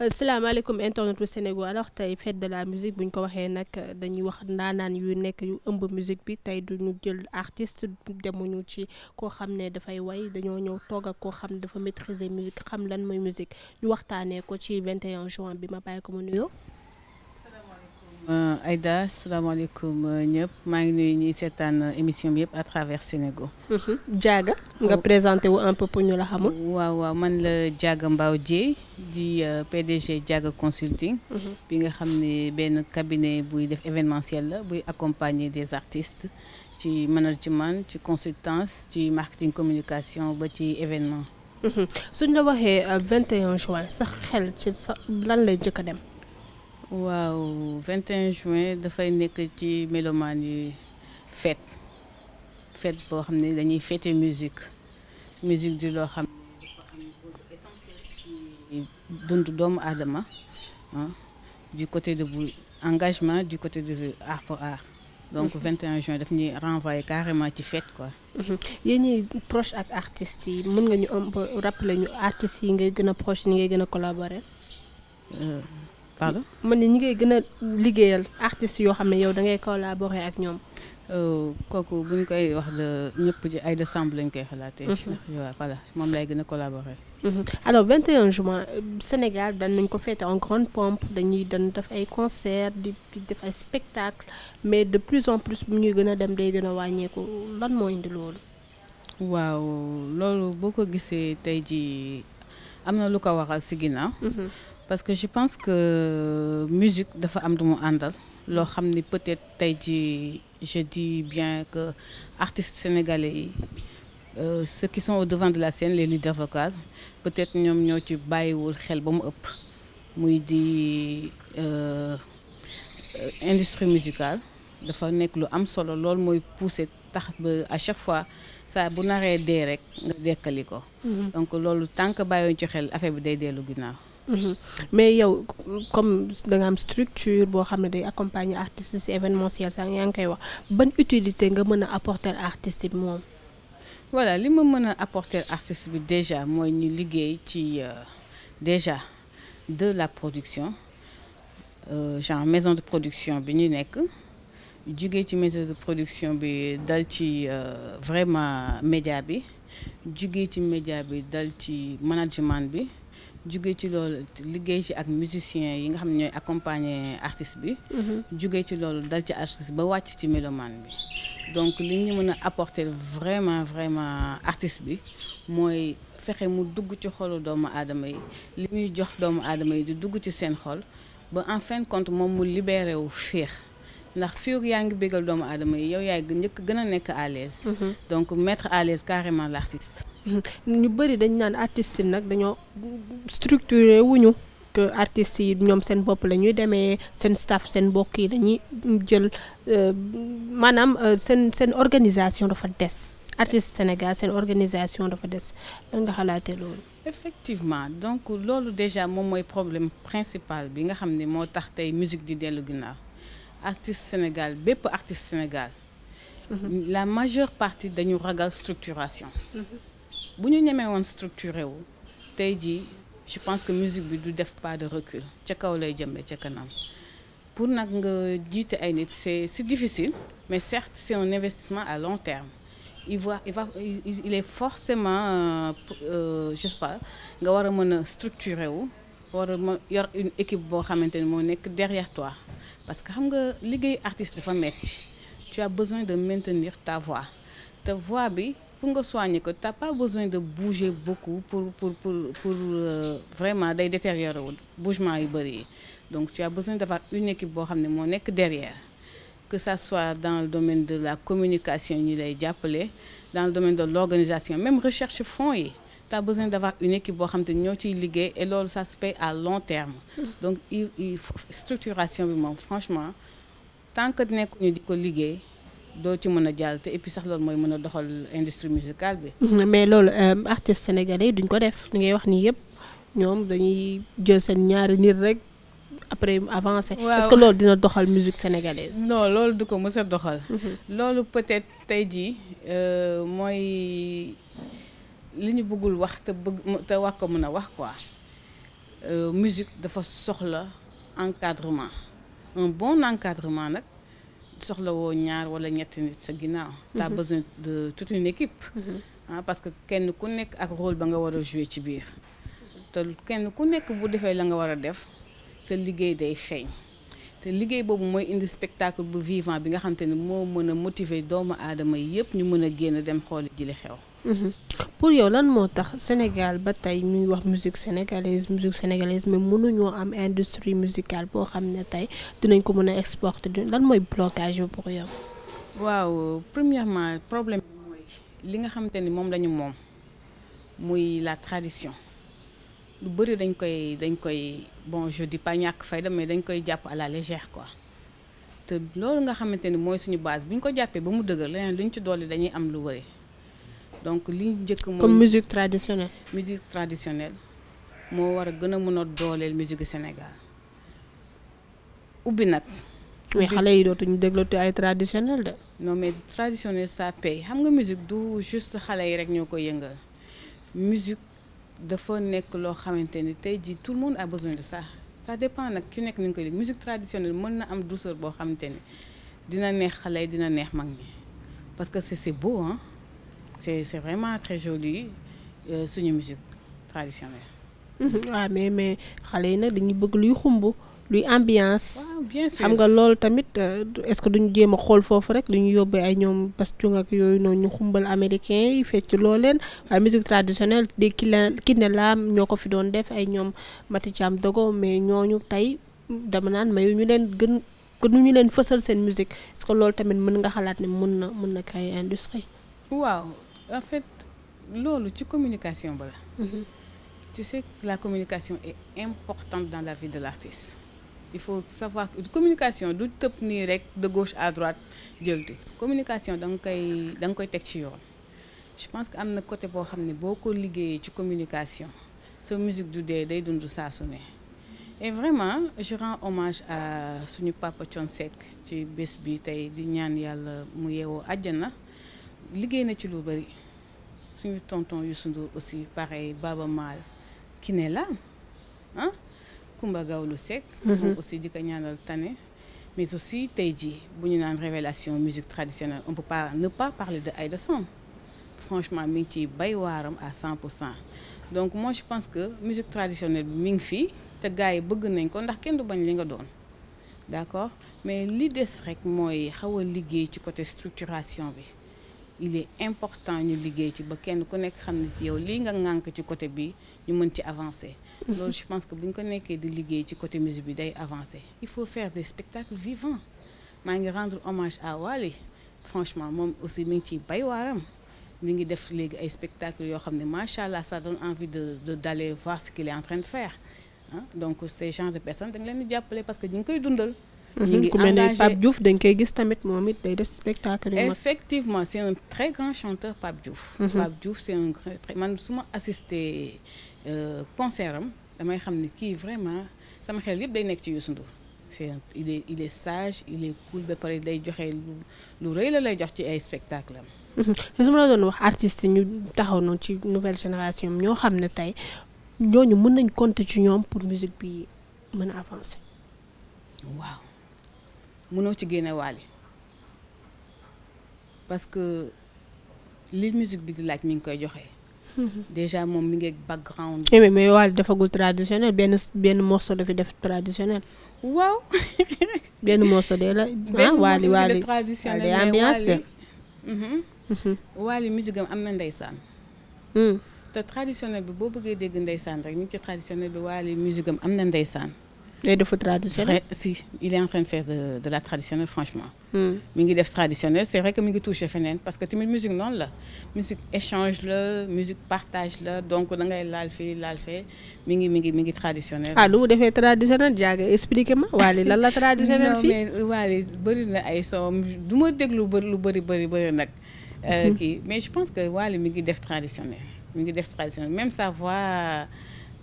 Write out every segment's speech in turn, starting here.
Euh, salaamaaleykum internet bu Sénégal alors tey fête de la musique bu ñu ko waxee nag dañuy wax ndaanaan yu nekk yu ëmb musique bi tey du ñu jël artiste demuñu ci koo xam ne dafay way dañoo ñëw toog ak koo xam dafa maîtriser musique xam lan mooy musique ñu waxtaanee ko ci 21 juin bi ma bàyyi ko mu nuyoo. Euh, Aïda asalaamaaleykum euh, ñëpp maa ngi nuyu ñuy seetaan euh, émission bi yëpp à travers Sénégal. Mhm. Diaga nga oh. présenté wu un peu ñu la xamul. waaw waaw man la Diaga Mbao Dieye di PDG Diaga Consulting. Mhm. bi nga xam ne benn cabinet buy def événementiel la buy accompagner des artistes ci management ci consultance ci marketing communication ba ci événement. Mhm. suñ la waxee 21 juin sax xel ci lan lay njëkk a dem. waaw 21 juin dafay nekk ci melomaan yi fête fête boo xam ne dañuy fêter musique musique di loo xam dund doomu aadama ah, du côté de bu engagement du côté de art pour art donc 21 mhm. juin daf ñuy renvoyer carrément ci fête quoi. Mhm. yéen ñi proche ak artistes yi mën nga ñu am rappeler ñu artistes yi ngay gën a proche ni ngay gën a collaborer. Euh, pardon man ne ñi ngay gën a liggéeyal artistes yoo xam ne yow da ngay collaborer ak ñoom. Euh, kooku bu ñu koy wax de ñëpp ci Aïda lañ koy xalaatee. Mhm. ndax voilà moom lay gën a collaborer. Mhm. alors 21 juin Sénégal dan nañ ko fête en grande pompe dañuy dañ def ay concert di def ay spectacle mais de plus en plus bu ñuy gën a dem day gën a wàññeeku lan moo indi loolu. waaw loolu boo ko gisee tey ji am na lu ko waxal si ginnaaw. Mhm. parce que je pense que euh, musique dafa am du mu àndal loo xam ni peut-être tey ci je dis bien que artistes sénégalais yi euh, ceux qui sont au devant de la scène les leaders vocaux peut-être ñoom ñoo ci bàyyiwul xel ba mu ëpp muy di euh, industrie musicale dafa nekk lu am solo lool mooy pousser tax ba à chaque fois saa bu naree dee rek nga dekkali ko. Mm-hmm. donc loolu tant que bàyyiwuñ ci xel affaire bi day dellu ginnaaw. Mm-hmm. mais yow comme da am structure boo xam ne day accompagner artistes si événementiel sax yaa ngi koy wax ban utilité nga mën a apporter artiste bi moom. voilà li ma mën a apporter artiste bi déjà mooy ñu liggéey ci euh, déjà de la production euh, genre maison de production bi ñu nekk jugee ci maison de production bi dal ci euh, vraiment média bi jugee ci média bi dal ci management bi. jugee ci loolu liggéey ci ak musicien yi nga xam ñooy accompagner artiste bi. Mhm. jóge ci loolu dal ci artiste ba wàcc ci mélomane bi. donc li ñu mën a apporter vraiment vraiment artiste bi mooy fexe mu dugg ci xolu doomu aadama yi li muy jox doomu aadama yi di dugg ci seen xol ba en fin compte moom mu libéré wu fiix ndax fiir yaa ngi bégal doomu aadama yi yow yaay njëkk gën a nekk à l'aise mhm. donc mettre à l'aise carrément l'artiste ñu bëri dañ naan artistes yi nag dañoo structuré wuñu que yi ñoom seen bopp lañuy demee seen staff seen mbokk yi dañuy jël euh, maanaam euh, seen seen organisation dafa des artiste Sénégal seen organisation dafa des lan nga xalaatee loolu. effectivement donc loolu déjà moom mooy problème principal bi nga xam ne moo tax tey musique di dellu ginnaaw artiste Sénégal bépp artiste Sénégal. Mm-hmm. la majeure partie dañu ragal structuration. Mm-hmm. bu ñu ñemee woon structuré wu tey jii je pense que musique bi du def pas de recul ca kaw lay jëmle ca kanam pour nag nga jiite ay nit c'est c'est difficile mais certes c'est un investissement à long terme il va il va il est forcément euh, euh je sais nga war a mën a structuré wu war a mën yor une équipe boo xamante ni moo nekk derrière toi parce que xam nga liggéey artiste dafa metti tu as besoin de maintenir ta voix bi pour nga soigner ko t'as pas besoin de bouger beaucoup pour pour pour pour euh, vraiment day détériorer wu bougement yu bëri yi donc tu as de d'avoir une équipe boo xam ne moo nekk derrière que ça soit dans le domaine de la communication ñu lay jàppale dans le domaine de l'organisation même recherche fonds yi ta as besoin d'avoir une équipe boo xam te ñoo ciy liggéey et loolu ça à long terme donc il structuration bi moom franchement tant que nekkuñu di ko liggéey doo ci mën a jàll te et sax loolu mooy mën a doxal industrie musicale bi. mais loolu euh, artiste sénégalais duñ ko def li ngay wax nii yëpp ñoom dañuy jël seen ñaari nit rek après avancé. waaw que loolu dina doxal musique sénégalaise. non loolu du ko mës a doxal. Mhm. loolu peut-être tey jii euh, mooy li ñu bëggul wax te bëgg te wax ko mën a wax quoi euh, musique dafa soxla encadrement un bon encadrement nag. soxlawoo ñaar wala ñett nit sa ginnaaw. t'as mhm. besoin de toute une équipe. Mhm. ah parce que kenn ku nekk ak rôle ba nga war a jouer ci biir. te kenn ku nekk bu defee la nga war a def sa liggéey day feeñ. te liggéey boobu mooy indi spectacle bu vivant bi nga xam te ne moo mën a motiver doomu aadama yi yëpp ñu mën a génn dem xool ji li xew. Mhm. pour yow lan moo tax Sénégal ba tey ñuy wax musique sénégalaise musique sénégalaise mais mënuñoo am industrie musicale boo xam ne tey dinañ ko mën a exporter lan mooy blocage bi pour yow. waaw premièrement problème mooy li nga xam te ni moom lañu moom muy la tradition. lu bëri dañ koy dañ koy bon je dis pas ñàkk dem mais dañ koy jàpp à la légère quoi te loolu nga xamante ni mooy suñu base bu ñu ko jàppee ba mu dëgër leneen lu ñu ci dolli dañuy am lu wëri donc li njëkk mooy comme musique traditionnelle. musique moo war a gën a mën a dooleel musique Sénégal ubbi nag. mais xale yi dootuñu dégloote ay traditionnel de. non mais traditionnel ça paye xam nga musique du juste xale yi rek ñoo koy yëngal musique. dafa nekk loo xamante ni tey jii tout le monde a besoin de ça ça dépend nag ku nekk ni nga koy dégg musique traditionnelle mën na am douceur boo xamante ni dina neex xale yi dina neex mag ñi parce que c'est c'est beau hein c'est c'est vraiment très joli euh, suñu musique traditionnelle. waaw mais mais xale yi nag dañuy bëgg luy xumb. luy ambiance. bien xam nga loolu tamit euh, est-ce que duñu jéem a xool foofu rek lu ñu yóbbee ay ñoom bas cung ak yooyu noonu ñu xumbal américain yi fecc loo leen waaye musique traditionnelle di ki la ki ne laam ñoo ko fi doon def ay ñoom Mati Thiam Dogo mais ñooñu tey dama naan mayu ñu leen gën nu gënuñu leen fësal seen musique est-ce loolu tamit mën nga xalaat ne mën na mun na kay industrie. waaw en fait loolu ci communication ba la. Mm-hmm. tu la communication est importante dans la vie de l'artiste. il faut savoir communication du tëb nii rek de gauche à droite jëlti communication da nga koy da nga koy teg ci yoon je pense que am na côté boo xam ne boo ko liggéeyee ci communication sa musique du dee day dund saa su et vraiment je rends hommage à suñu papa Thione Seck ci bés bi tey di ñaan yàlla mu yeewoo àjjana liggéey na ci lu bari suñu tonton Youssou Ndour aussi pareil Baba Maal ki ne la Kumba Gawlu Seck mhm. moom aussi di ko ñaanal tane mais aussi tey jii bu ñu naan révélation musique traditionnelle on peut pas ne pas parler de Aïda Samb franchement mi ngi ciy bay waaram a 100 pour cent donc moi je pense que musique traditionnelle bi mi ngi fii te gars yi bëgg nañ ko ndax kenn du bañ li nga doon d'accord mais li des rek mooy xaw liggéey ci côté structuration bi il est important ñu liggéey ci ba kenn ku nekk xam ne ci yow lii nga ŋànk ci bi ñu mën ci avancer. loolu je pense que bu ñu ko nekkee di liggéey ci côté musique bi day avancer il faut faire des spectacles vivants maa ngi rendre hommage à Wally franchement moom aussi mi ngi ciy bay waaram mu ngi def léegi ay spectacles yoo xam ne macha allah ça donne envie de de d'aller voir ce qu'il est en train de faire donc ces genres de personnes da leen di jàppale parce que ñu ngi koy dundal. ñu mhm. ngi engagé ku mel dañ koy gis tamit moom it day def spectacle effectivement c' est un très grand chanteur Pape Diouf. Mhm. Pape Diouf c' un très man su ma assisté euh, concert am damay xam ne kii vraiment sama xel yëpp day nekk ci Youssou Ndour. c' est il est il sage il est cool ba pare day joxe lu lu rëy la lay jox ci ay spectacle am. te su ma la doon wax artistes ñu taxaw noonu ci nouvelle génération ñoo xam ne tey ñooñu mën nañ compter ci ñoom pour musique bi mën a avancer. mënoo ci génne waali parce que li musique bi di laaj mi ngi koy joxe. Mhm. déjà moom mi ngi ak background. Eh mais mais waali defagul traditionnel benn benn morceau dafi def traditionnel. waaw. de la. benn ah, morceau waali waali ambiance mhm. Mhm. am am na ndeysaan. Hmm. te traditionnel bi boo bëggee dégg ndeysaan rek ñu ngi ci traditionnel bi waali musique am am na ndeysaan. day def traditionnel. si il est de faire de de la traditionnelle franchement. Hmm. mi ngi def traditionnel m est vrai que mi ngi touché feneen parce la musique échange la musique partage la donc da ngay laal fii laal fee mi ngi mi ngi mi ngi traditionnel. ah lu mu defee traditionnel jaaga expliqué ma waale lan la traditionnel fii. non mais waale bëri na ay soom du ma déglu bëri lu bëri bëri bëri nag. Euh, hmm. kii mais je pense que waale mi ngi def traditionnel mi ngi def traditionnel sa voix.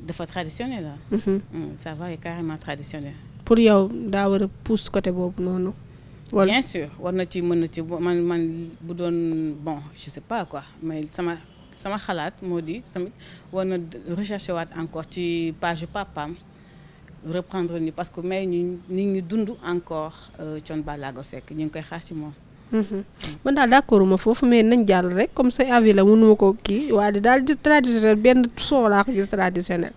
dafa traditionnel la. Mm-hmm. Mm, ça va est carrément traditionnel. pour yow daa war a pousse côté boobu noonu. wala bien sûr war na ci mën na ci man man bu doon bon je sais pas quoi mais sama sama xalaat moo di tamit war na recherché waat encore ci page papam reprendre ni parce que may ñu nit ñi dund encore euh, Thione Ballago Seck ñu ngi koy xaar ci moom. Mm-hmm. man daal d'accord ma foofu mais nañ jàll rek comme say avis la mënuma ko kii waaye daal traditionnel benn soo laa ko traditionnel.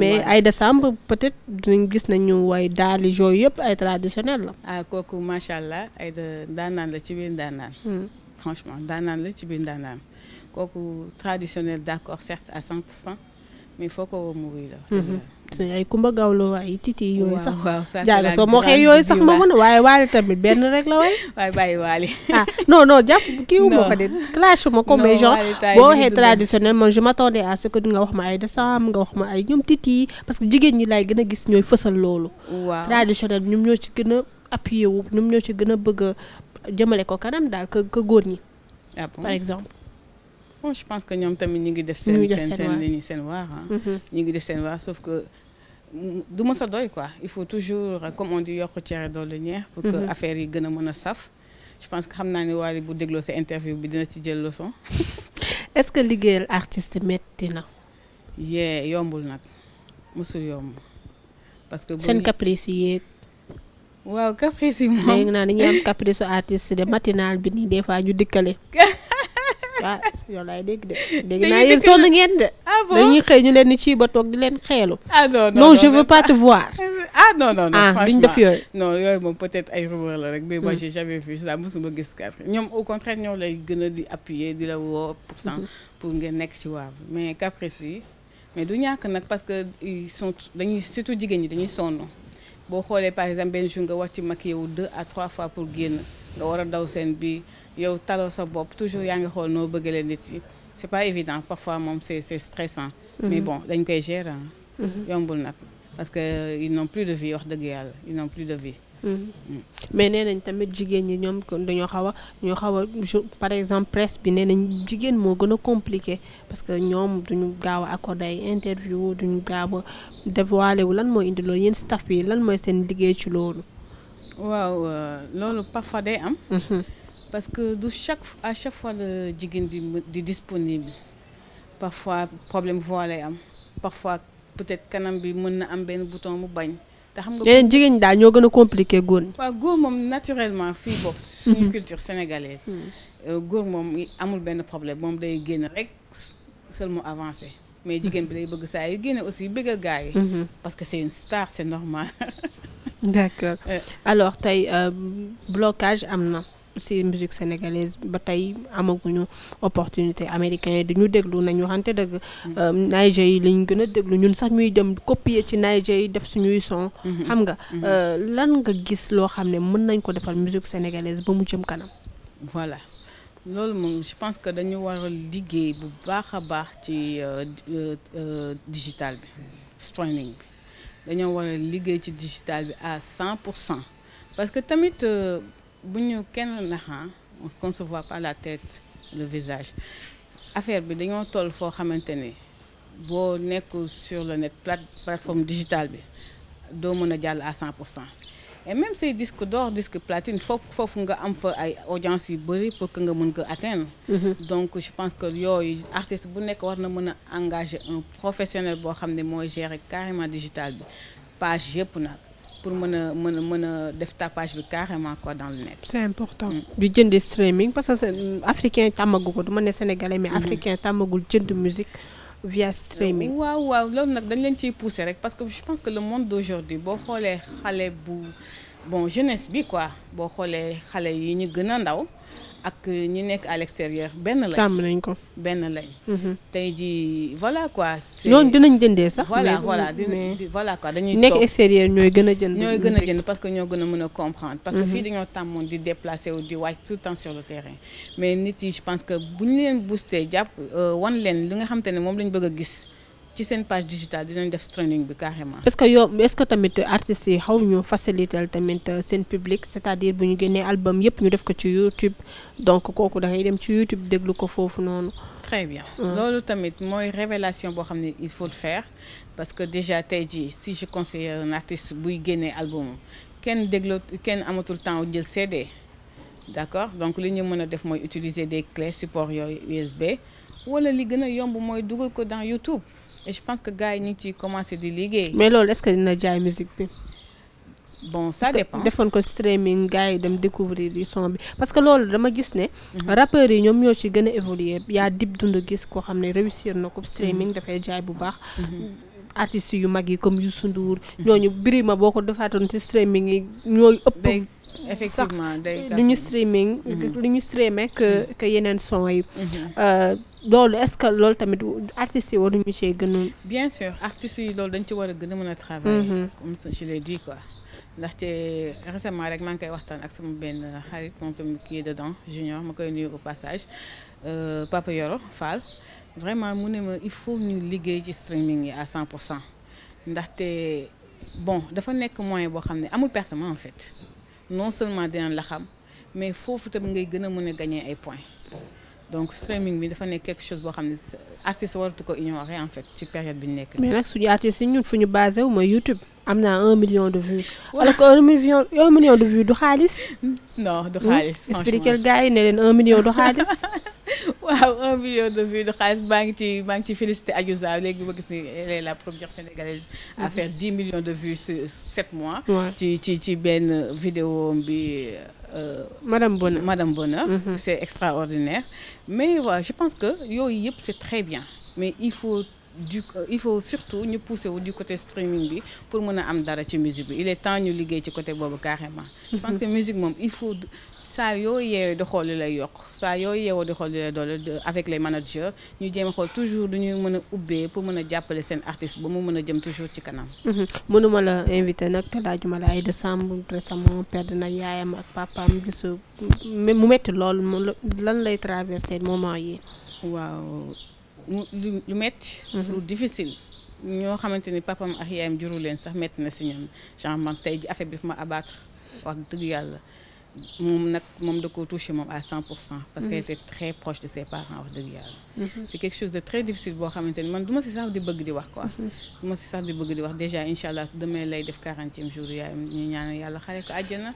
mais ay décembre peut-être dinañ gis nañu way daal di yooyu yëpp ay traditionnel la. Ah, kooku macha allah ay daanaan la ci biir daanaan. Mm. franchement daanaan la ci biir daanaan kooku traditionnel d'accord certes à 100 pour cent mais foo mu wuy c'est ay Kumba Gawlo ay titi yooyu sax jaaga soo moo xee yooyu sax ma mën waaye waale tamit benn rek la way waaye bàyyi waale ah non non jàpp kii wu ma ko de clash ma ko mais boo waxee traditionnel man je m'attendais à ce que nga wax ma ay décembre nga wax ma ay ñoom titi parce que jigéen ñi laay gën a gis ñooy fësal loolu traditionnel ñoom ñoo ci gën a appuyé wu ñoom ñoo ci gën a bëgg a jëmale ko kanam daal que que góor ñi ah par exemple bon je pense que ñoom tamit ñu ngi def seen seen ñu waar ah ñu ngi def seen waar sauf que du ma doy quoi il faut toujours comme on dit yokk cere dolli ñeex pour que mm-hmm. affaire yi gën a mën a saf je pense que xam naa ne Wally bu dégloo sa interview bi dina ci jël leçon est-ce que liggéeyal artist metti na yee yombul nag mësul yomb parce que seen caprice yi yeeg waaw caprice yi moom léegi naa am caprice artiste de matinal bi nii des fois ñu dikkale ah yow laay dégg de dégg naa yéen sonn ngeen de. ah bon dañuy xëy ñu leen di ci ba toog di leen xeelu. ah non non non je veux pas te voir. ah non non non ah duñ def yooyu. non yooyu moom peut-être ay rumeur la rek. mais moi hmm. j'ai jamais vu ça mosuma gis kàr. ñoom au contraire ñoo lay gën a di appuyer di la woo pourtant hmm. pour ngeen nekk ci waaw mais caprice yi mais du ñàkk nag parce que ils sont dañuy surtout jigéen ñi dañuy sonn boo xoolee par exemple benn jour nga war ci maquillé wu deux à trois fois pour génn nga war a daw seen bi yow taloo sa bopp toujours yaa ngi xool noo bëggalee nit yi c'est pas évident parfois moom c'est c'est stressant. Mhm. mais bon dañ koy gérer mhm. yombul nag parce que euh, ils n'ont plus de vie wax dëgg yàlla ils plus de vie. Mhm. Mm. mais nee nañ tamit jigéen ñi ñoom dañoo xaw a ñoo xaw a par exemple presse bi nee nañ jigéen moo gën a compliqué parce que ñoom duñu gaaw a accordé ay interview duñu gaaw a dévoilé wu lan mooy indi loolu yéen staff mooy seen liggéey ci loolu. waaw euh, loolu parfois day am. parce que du chaque à chaque fois la jigéen bi di disponible parfois problème voix lay am parfois peut-être kanam bi mën na am benn bouton mu bañ. te xam nga yeneen jigéen ñi daal ñoo gën a compliqué góor ñi. waaw góor moom naturellement fii bokk. Hmm. suñu culture sénégalaise. Hmm. Euh, góor moom amul benn problème moom day génn rek seulement avancé. mais jigéen bi day bëgg saa yu génne aussi bëggal gars yi. Hmm. parce que c'est une star c'est normal. d'accord euh. alors tey euh, blocage am na. si musique sénégalaise ba tey amaguñu opportunité américain yi dañu déglu nañu waxante dëgg euh, Niger yi lañ gën a déglu ñun sax ñuy dem copier ci Niger yi def suñuy son mhm. xam nga mhm. euh, lan nga gis loo xam ne mën nañ ko defal musique sénégalaise ba mu jëm kanam voilà loolu moom je pense que dañu war a liggéey bu baax a baax ci euh, digital bi streaming bi dañoo war a liggéey ci digital bi à cent pour cent parce que tamit bu ñu kenn naxan on ne la tête le visage affaire bi dañoo toll foo xamante ni boo nekk sur le net plateforme digitale bi doo mën a jàll à 100 pour cent et même say disque d'or disque platine foofu foofu nga am fa ay audience yu bëri pour que nga mën ko atteindre. Mm-hmm. donc je pense que yooyu artiste bu nekk war na mën a engager un professionnel boo xam ne mooy gérer carrément digital bi page yëpp nag. pour mën a mën a mën a def tapage bi carrément quoi dans le net. c'est important. Mm. du jënd streaming parce que mm, africain tàmmagu ko du ma ne sénégalais mais mm. africain tàmmagul jënd musique via streaming. Euh, waaw waaw loolu nag dañ leen ciy pousser rek parce que je pense que le monde d'aujourd'hui boo xoolee xale bu bon jeunesse bi quoi boo xoolee xale yi ñu gën a ndaw. ak ñi nekk à l'extérieur benn lañ. tàmm nañ ko benn lañ. Mhm. tey jii voilà quoi. ñooñu dinañ jëndee sax. voilà voilà di voilà quoi dañuy toog nekk extérieur ñooy gën a jënd. ñooy gën a jënd parce que ñoo gën a mën a comprendre. parce que mhm. fii dañoo tàmmoon di déplacer wu di wàcc tout le temps sur le terrain mais nit yi je pense que bu ñu leen booster jàpp euh, wan leen li nga xam te ne moom lañ bëgg a gis. ci seen page digitale dinañ def streaming bi carrément. est ce que yow est ce que tamit artistes yi xaw ñu facilitel tamit seen public c' est à dire bu ñu génnee album yëpp ñu def ko ci YouTube donc kooku da ngay dem ci YouTube déglu ko foofu noonu. très bien ah. loolu tamit mooy révélation boo xam ne il faut le faire parce que déjà tey jii si je conseille un artiste buy génnee album kenn dégloo kenn amatul temps jël CD d' accord donc li ñu mën a def mooy utiliser des clés support yooyu USB wala li gën a yomb mooy dugal ko dans YouTube. et je que gars yi ngi ciy commencé di liggéey. mais loolu est-ce que dina jaay musique bi. bon ça dépend defoon ko streaming gars yi dem découvrir yi son bi parce que loolu dama gis ne. Mhm. rappeurs yi ñoom ñoo ci gën a évoluer yaa dib dund gis koo xam ne réussir na ko streaming mhm. dafay jaay bu baax. Mhm. artistes yu mag yi comme Youssou Ndour. ñooñu Birima boo ko defaatoon ci streaming yi ñooy ëpp. effectivement sax lu ñu streaming. Mhm. lu ñu streamé que mhm. que yeneen son yi. Mhm. Euh, loolu est-ce que loolu tamit artistes yi waruñu cee gën bien sûr artistes yi loolu dañ ci war a gën a mën a travailler. comme je l'ai dit quoi. ndaxte récemment rek maa ngi koy waxtaan ak sama benn xarit moom tamit kii dedans junior ma koy nuyu passage euh, Papa Yoro Fall vraiment mu ne ma il faut ñu liggéey ci streaming yi à 100 pour cent ndaxte bon dafa nekk moyen boo xam ne amul personne en fait. non seulement dinañ la xam mais foofu tamit ngay gën a mën a gagner ay points donc streaming bi dafa nekk quelque chose boo xam ne artiste waratu ko ignorer en fait ci période bi ñu nekk. mais nag suñu artistes yi ñun fu ñu basé wu mooy YouTube am na un million de vues. wala que un million un million de vues du xaalis. non du xaalis. Hmm? franchement expliquer gars yi ne leen un million du xaalis. waaw un million de vues de xaalis maa ngi ci maa ngi ci félicité Adiouza léegi ma gis ni elle est la première sénégalaise à mhm. faire dix millions de vues sur sept mois ci ci ci benn vidéo bi Euh, Madame Bonheur Madame Bonheur mm -hmm. c'est extraordinaire mais voilà je pense que yooyu yëpp c'est très bien mais il faut du il faut surtout ñu pousser wu du côté streaming bi pour mën a am dara ci musique bi il est temps ñu liggéey ci côté boobu carrément je pense mhm. que musique moom il faut saa yooy yeewee di xool li lay yokk saa yoo yeewoo di xool li lay doole avec les managers ñu jéem a toujours du ñuy mën a ubbee pour mën a jàppale seen artiste ba mu mën a jëm toujours ci kanam. Mm-hmm. mënuma la invité nag te laajuma la ay décembre récemment perdre na yaayam ak papaam gisu mu metti lool lan lay traversé moment yi. waaw lu metti mm-hmm. lu ñoo xamante ni papam ak yaayam juru leen sax metti na si ñun genre man tey ji affaire bi daf ma abattre wax dëgg yàlla. moom nag moom da ko touché moom à 100 pour cent parce que mm-hmm. était très proche de ses wax dëgg yàlla mm-hmm. c'est quelque chose de très difficile boo xamante ni man du ma si sax di bëgg di wax quoi mm-hmm. du ma si sax di bëgg di wax déjà incha allah demain lay def quarantième jour yaayam ñu ñaanal yàlla xale ko àjjana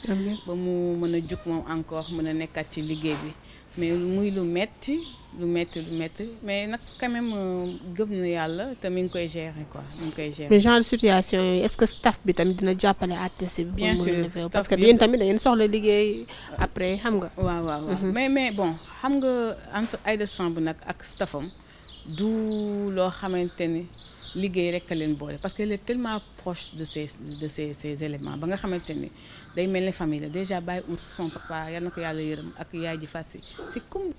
ba mu mën a jug moom encore mën a nekkaat ci liggéey bi mais muy lu metti lu metti lu metti mais nag quand même euh, gëm na yàlla te mi ngi koy gérer quoi mu ngi koy gérer. mais genre situation yooyu est-ce que staff bi tamit dina jàppale artiste bi. bien sûr parce que yéen tamit da ngeen soxla liggéey après xam nga. waaw waaw mhm. mais mais bon xam nga entre Aïda Samb nag ak staffam du loo xamante ni. liggéey rek a leen boole parce que il est tellement proche de ces de ces ces éléments ba nga xamante ni day mel ni famille la déjà bàyyi ut son papa yal na ko yàlla yërëm ak yaay ji fas c'est comme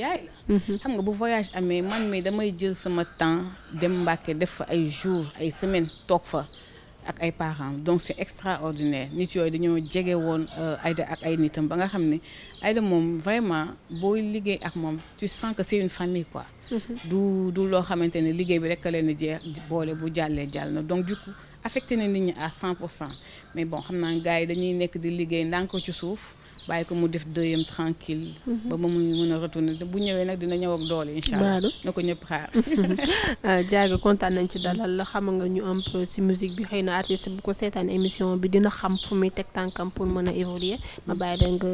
yaay mhm. xam nga bu voyage amee man mii damay jël sama temps dem Mbàkke def fa ay jours ay semaines toog fa. ak ay parents donc c'est extraordinaire nit yooyu dañoo jege woon euh, Aïda ak ay nitam ba nga xam ne Aïda moom vraiment booy liggéey ak moom tu sens que c'est famille quoi. Mm-hmm. du du loo xamante ne liggéey bi rek a leen jeex boole bu jàllee jàll na donc du coup na nit ñi à 100 pour cent mais bon xam naa gars yi dañuy nekk di liggéey ndànk ci suuf. bàyyi ko mu def deuxième tranquille mhm. ba mu mën a retourner bu ñëwee nag dina ñëw ak doole incha allah na ko ñëpp xaar jaaga euh, kontaan nañ ci dalal la xam nga ñu am si musique bi xëy na artiste bu ko seetaan émission bi dina xam fu muy teg tànkam pour mën a évoluer ma bàyyi da nga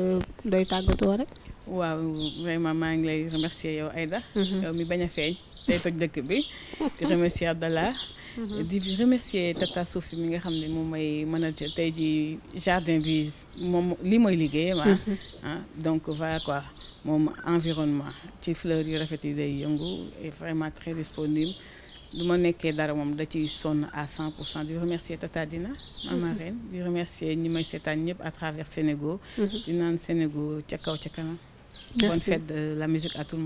doy tàggatoo rek waaw vraiment maa ngi lay remercier yow Aïda mhm. yow mi bañ a feeñ tey toj dëkk bi di remercier Abdallah Mm-hmm. di remercier Tata Sophie mi nga xam ne moom mooy manager tey ji jardin bi moom li mooy liggéeye ah. ma mm-hmm. ah, donc voilà quoi moom environnement ci fleur yu rafet yi day yëngu e vraiment très disponible du ma nekkee dara moom da ciy sonn à 100 pour cent di remercier Tata Dina ma mm-hmm. reine di remercier ñi may seetaan ñëpp à travers Sénégal di naan Sénégal ca kaw ca kanam bonne fête de la musique à tout